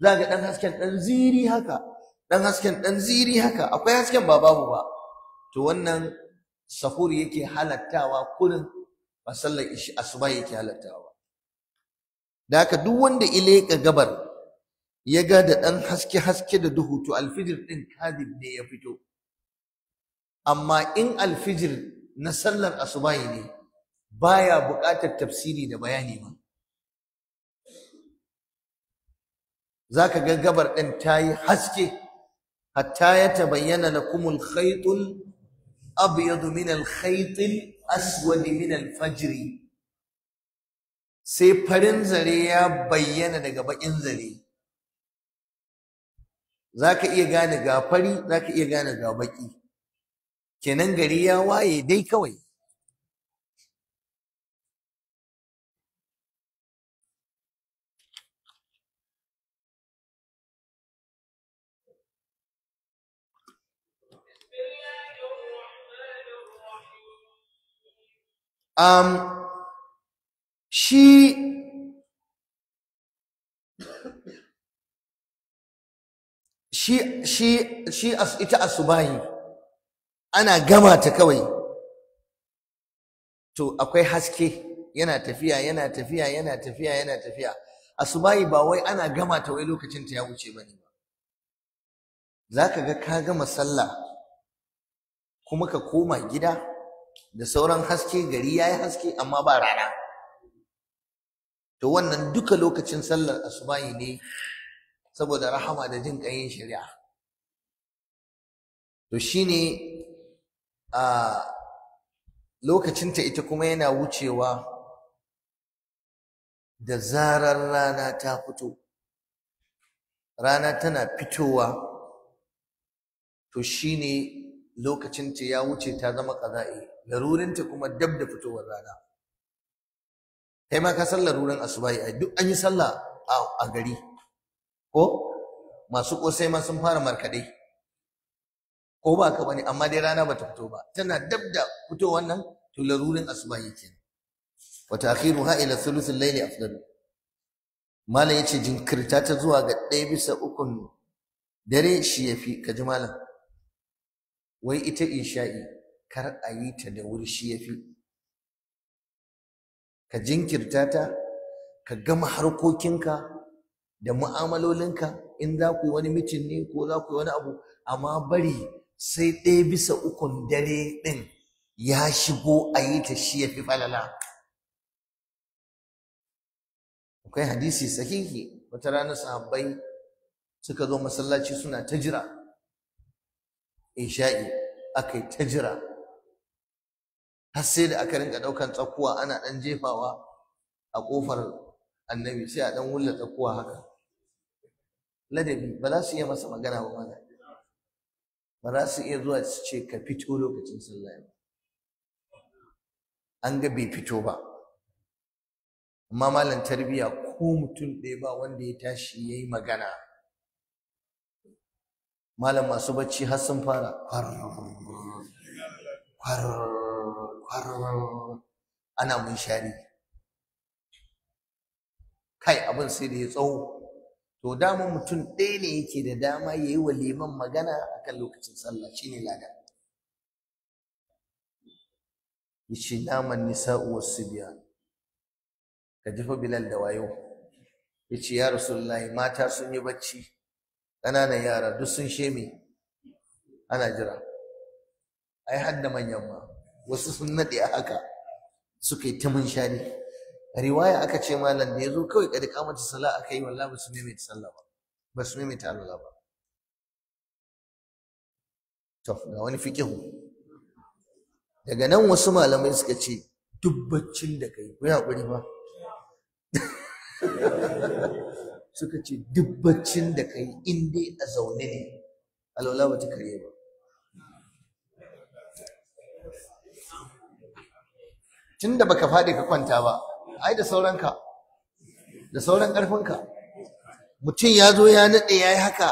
A: za ga ɗan hasken ɗan ziri haka ɗan hasken ɗan ziri haka akwai hasken ba babu ba to wannan sahur yake halattawa kudin masallar ishi asuba yake halattawa da haka duk wanda ileka gabar ya ga da ɗan haske-haske da duhu to alfijir ɗin kadib ne ya fito amma in alfijir na sallar asubahi ne baya buƙatar tafsiri da bayani ba za ka ga gabar ɗin ta yi haske hatta ya tabayyana kumul khaytul abu min al khaytil aswadi min al sai farin zare ya bayyana daga baƙin zare za ka iya gane ga za ka iya gane ga baƙi kenan gari ya waye dai kawai um, shi she she she as, ita asubahi ana gama ta kawai to akwai haske yana tafiya yana tafiya yana tafiya yana tafiya asubahi ba wai ana gama ta wai lokacin ta ya wuce bane ba zaka ga ka gama sallah kuma ka koma gida da sauran haske gari ya yi haske amma ba rana to wannan duka lokacin sallar asubahi ne saboda rahama da jin ƙayin shari'a to shine a lokacinta ita kuma yana wucewa da zarar rana ta fito rana tana fitowa to shine lokacinta ya wuce ta zama ƙaza'i larurinta kuma dab da fitowar rana kai ma ka san larurin asubahi ai duk an yi sallah a gari ko masu kosai ma sun fara markaɗe ko ba ka bane amma dai rana bata fito ba tana dab da fitowar nan to larurin asubahi kenan wa ta'khiruha ila thuluthil layli afdalu malam yace jinkirta ta zuwa ga ɗaya bisa 3 dare shi yafi ji malam wai ita isha'i kar a yi ta da wuri shi ya fi ka jinkirta ta ka gama harkokinka da mu'amalolinka in za ku yi wani mitin ne ko za ku yi wani abu amma bari sai ɗaya bisa ukun dare ɗin ya shigo a yi ta shi ya fi falala akwai hadisi sahihi wata rana sahabbai suka zo masallaci suna ta jira isha'i aka yi ta jira har sai da aka rinka ɗaukan tsakuwa ana ɗan jefawa a kofar annabi sai a ɗan wulla tsakuwa haka ladabi ba za su iya masa magana ba ba za su iya zuwa su ce ka fito lokacin sallah ba an ga bai fito ba amma malam tarbiyya ko mutum ɗaya ba wanda ya tashi ya yi magana malam masu bacci har sun fara kwarar ana mun shari kai abin sai da ya tsawo to dama mutum ɗaya ne yake da dama ya yi wa liman magana akan lokacin sallah ne lada nisa, naman uwar sibiya ka jifa bilal da wayo yace ya rasulullahi mata sun yi bacci ƙananan yara duk sun sheme ana jira ai har da manyan ma wasu sun nade a haka suka yi ta A riwaya aka ce malam da zo kawai kada kamata sallah aka yi wallahi basu maimaita sallah ba basu maimaita Allah ba to ga wani fikihu daga nan wasu malamai suka ce dubbacin da kai ku kuri ba suka ce dubbacin da kai in dai a zaune ne alwala ba ta kare ba tunda baka faɗi ka kwanta ba ai da sauranka da sauran ƙarfinka mutum ya zo ya naɗe ya yi haka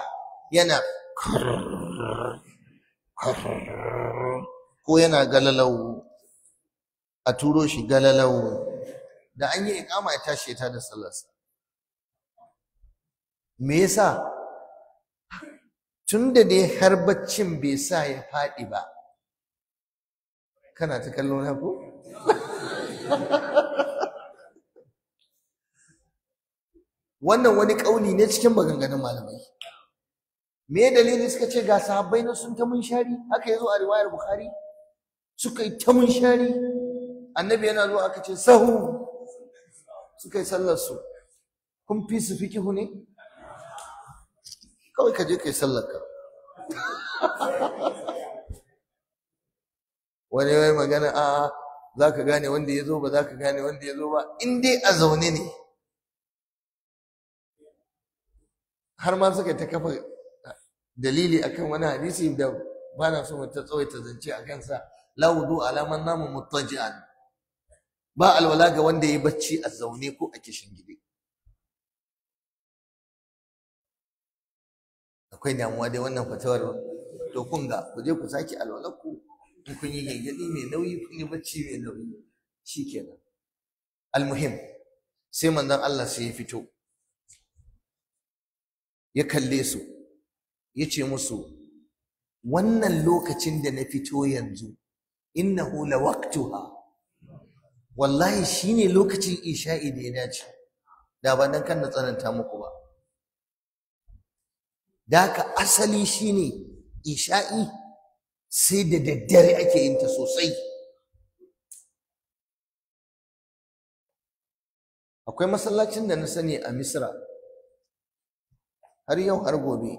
A: yana ko yana galalau a turo shi galalau da an yi ikama ya tashi ta da sallarsa me yasa tun da dai har baccin bai sa ya faɗi ba kana ta kallon haku? wannan wani ƙauni ne cikin maganganun malamai me dalili suka ce ga sahabbai na sun ta mun shari? haka yazo a riwayar bukhari suka yi ta mun shari? annabi yana zuwa aka ce sahu suka yi sallar su kun fi su fikihu ne kawai ka je kai sallar ka wani wai magana a za ka gane wanda ya zo ba za ka gane wanda ya zo ba in dai a zaune ne har ma suka ta kafa dalili akan wani hadisi da ba na so ta tsawaita zance a kansa la wudu alaman namu muttaji'an ba alwala ga wanda ya bacci a zaune ko a kishin gidi akwai damuwa dai wannan fatawar to ga ku je ku sake alwalar ku kun yi mai nauyi kun bacci mai nauyi almuhim sai manzon Allah sai ya fito ya kalle su ya ce musu wannan lokacin da na fito yanzu innahu lawaqtuha wallahi shine lokacin isha'i da ya dace da ba dan kan na tsananta muku ba da haka asali shine isha'i sai da daddare ake yin ta sosai akwai masallacin da na sani a misra har yau har gobe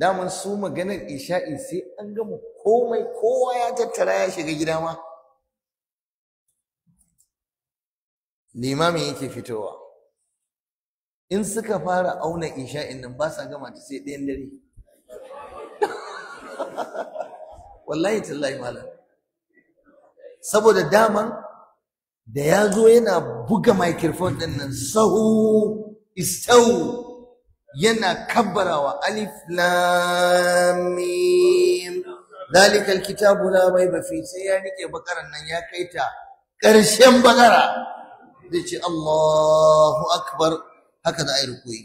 A: daman su maganar isha'i sai an gama komai kowa ya tattara ya shiga gida ma limamin yake fitowa in suka fara auna isha'in nan ba sa gama ta sai ɗayan dare wallahi tallahi malam saboda daman da ya zo yana buga microphone din nan sahu istau yana kabbarawa alif lam mim dalika alkitabu la raiba fi sai ya rike bakaran nan ya kai ta karshen bakara zai ce Allahu akbar haka da ai rukuyi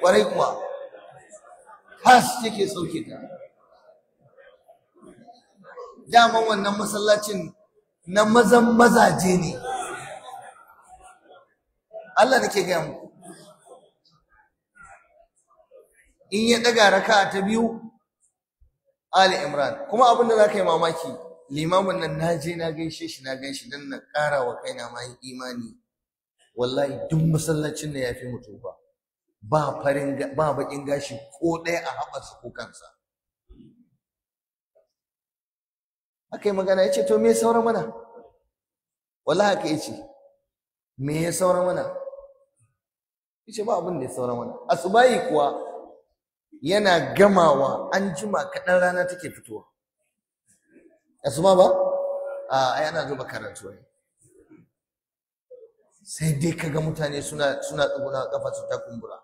A: kwarai kuwa haske yake sauke ta daman wannan masallacin na mazan mazaje ne Allah nake gaya muku in ya ɗaga raka ta biyu Ali Imran kuma abin da za ka yi mamaki limamin nan na je na gaishe shi na gaishe don na ƙara wa kaina ma imani wallahi duk masallacin da ya fi mutu ba ba farin ba bakin gashi ko ɗaya a haɓasa ko kansa aka yi magana ya ce to me ya saura mana wala haka ya ce me ya saura mana ya ce ba abin da ya saura mana asubayi kuwa yana gamawa an jima kaɗan rana take fitowa asuma ba a yana zuba karatu ne sai dai kaga mutane suna suna tsuguna kafa su ta kumbura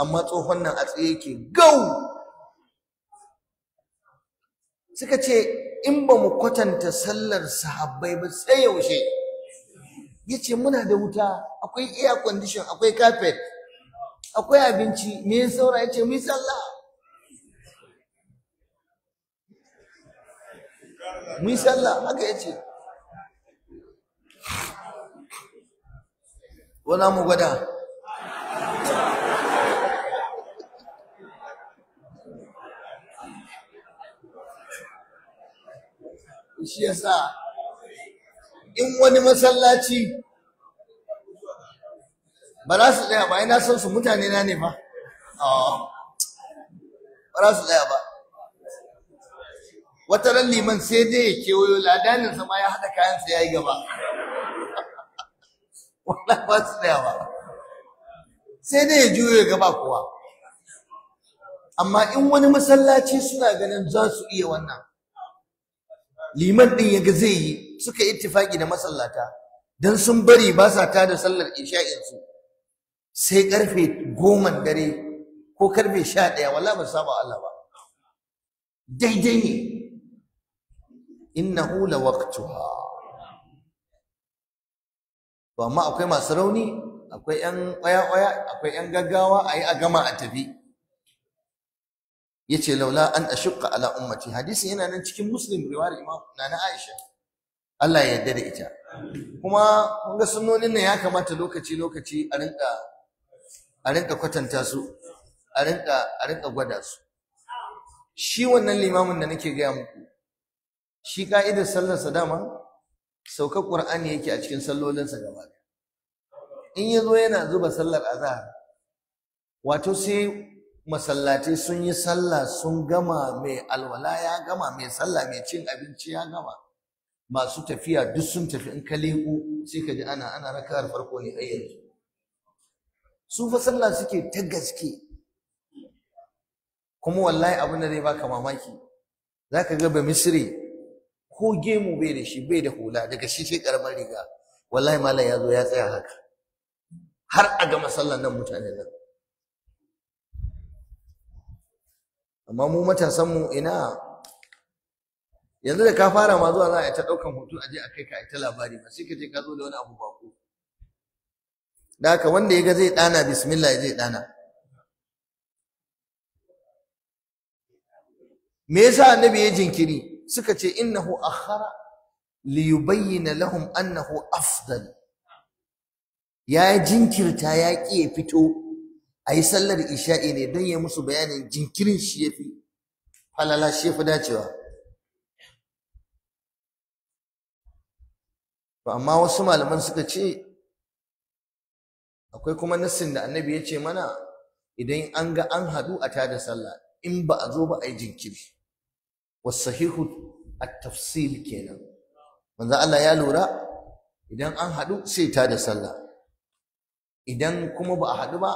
A: amma tsohon nan a tsaye yake gau suka ce in ba mu kwatanta sallar sahabbai ba sai yaushe ya ce muna da wuta akwai air condition akwai carpet akwai abinci me ya saura ya ce mu yi sallah mu yi sallah haka ya ce wala mu gwada shi yasa in wani masallaci ba za su tsaya ba ina son su mutane na ne ma, ba za su tsaya ba wata ran liman sai dai ya kewayo ladanin zama ya haɗa kayansa ya yi gaba wata ba su tsaya ba sai dai ya juyo ya gaba kuwa. amma in wani masallaci suna ganin za su iya wannan liman din yaga zai yi suka ittifaki da masallata dan sun bari ba sa tada sallar isha'in su sai karfe goma dare ko karfe sha ɗaya wala ba saba Allah ba daidai ne innahu la waqtuha to amma akwai masu rauni akwai yan waya-waya, akwai yan gaggawa ayi a gama a tafi yace laula an ashqa ala ummati hadisi yana nan cikin muslim riwayar imam nana aisha Allah ya yarda da ita kuma kun ga sunnonin nan ya kamata lokaci lokaci a rinka a rinka kwatanta su a rinka a rinka gwada su shi wannan limamin da nake gaya muku shi ka'idar sallar sa dama sauka qur'ani yake a cikin sallolinsa gaba in ya zo yana zuba sallar azhar wato sai masallatai sun yi sallah sun gama mai alwala ya gama mai sallah mai cin abinci ya gama masu tafiya duk sun tafi in ka leƙo sai ka ji ana ana rakar farko ne a yanzu su fa sallah suke ta gaske kuma wallahi abin da zai baka mamaki zaka ga ba misri ko gemu bai da shi bai da hula daga shi sai karamar riga wallahi malam ya zo ya tsaya haka har a gama sallan nan mutane nan amma mu matasan ina yanzu da ka fara ma zuwa za a ta ɗaukan hoto a je a kai ka a labari ba sai ka je ka zo da wani abu ba ko da haka wanda ya ga zai ɗana bismillah zai ɗana me yasa annabi ya jinkiri suka ce innahu akhara li yubayyana lahum annahu afdal ya jinkirta ya ƙi ya fito a yi sallar isha'i ne don ya musu bayanin jinkirin shi ya fi falala shi ya fi dacewa Ba amma wasu malaman suka ce akwai kuma nassin da annabi ya ce mana idan an ga an haɗu a tada sallah in ba a zo ba a yi jinkiri wasahihu a tafsil kenan manzo Allah ya lura idan an haɗu sai tada sallah idan kuma ba a haɗu ba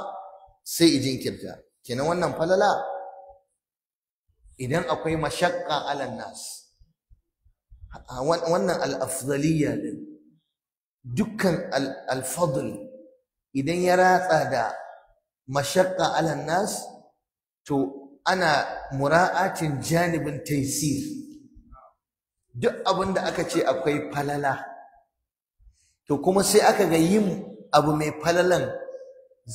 A: sai ijin kirta kenan wannan falala idan akwai mashakka alan nas wannan al al'afdaliya din dukkan al-fadl idan ya ratsa da mashakka alan nas to ana mura'atin janibin taisir duk abin da aka ce akwai falala to kuma sai aka ga yin abu mai falalan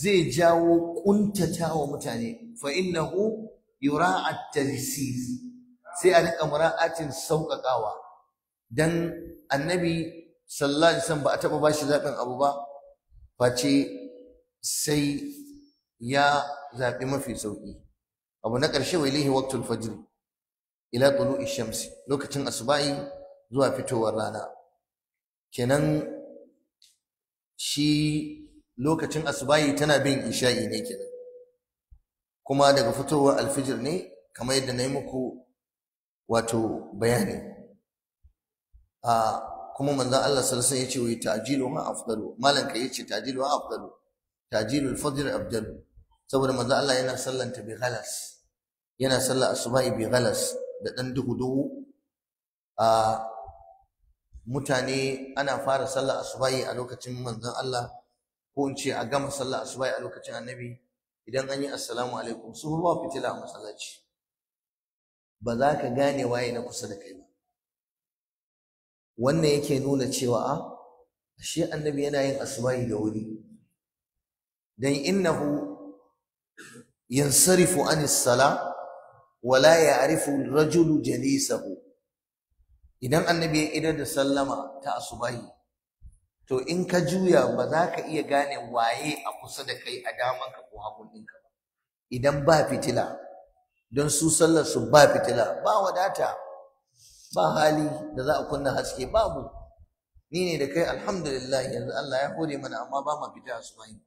A: zai jawo ƙuntata wa mutane fa innahu yura tajsis sai a rika mura'atin sauƙaƙawa dan annabi sallallahu alaihi wasallam ba a taɓa bashi zaɓin abu ba face sai ya zaɓi mafi sauƙi abu na ƙarshe wa ilaihi waqtul fajr ila tulu'i shamsi lokacin asuba'i zuwa fitowar rana kenan shi lokacin asubahi tana bin isha'i ne kenan kuma daga fitowar alfijir ne kamar yadda na yi muku wato bayani a kuma manzon Allah sarsan ya ce wai ta'jilu ma afdalu Malam ka yace ma afdalu ta'jilul fajr afdalu saboda manzon Allah yana sallanta bi ghalas yana sallar asubahi bi ghalas da dan duhu duhu a mutane ana fara sallar asubahi a lokacin manzon Allah ko in ce a gama sallah asuba a lokacin annabi idan an yi assalamu alaikum su ba fitila a masallaci ba za ka gane waye na kusa da kai ba wannan yake nuna cewa a ashe annabi yana yin asubahi da wuri dan innahu yansarifu anis sala wala ya'rifu ar-rajulu jalisahu idan annabi ya idar da sallama ta asubahi to in ka juya ba za ka iya gane waye a kusa da kai a daman ka ko hagun ɗinka ba idan ba fitila don su sallar su ba fitila ba wadata ba hali da za a kunna haske babu ni ne da kai alhamdulillah yanzu Allah ya hore mana amma ba ma fita su bayin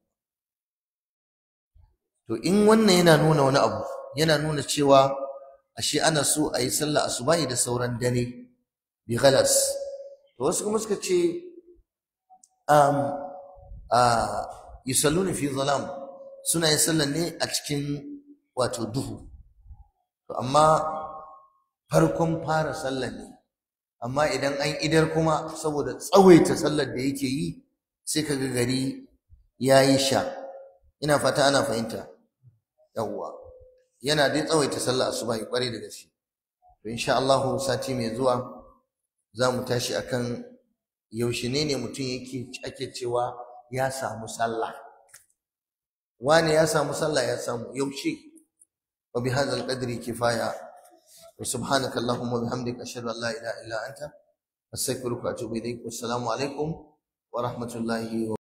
A: to in wannan yana nuna wani abu yana nuna cewa ashe ana so a yi sallah asubahi da sauran dare bi galas to wasu kuma suka ce um, uh, yusalluna fi zalam suna yin sallan ne a cikin wato duhu to amma farkon fara sallan ne amma idan an idar kuma saboda tsawaita sallar da yake yi sai ka ga gari ya yi sha ina fata ana fahimta yawwa yana dai tsawaita sallar asuba ya kware da gaske to insha Allah sati mai zuwa za mu tashi akan yaushe ne ne mutum yake ake cewa ya samu sallah wani ya samu sallah ya samu yaushe wa bi hadzal qadri kifaya wa subhanaka allahumma bihamdika ashhadu an la ilaha illa anta astaghfiruka wa atubu ilaik wassalamu alaikum wa rahmatullahi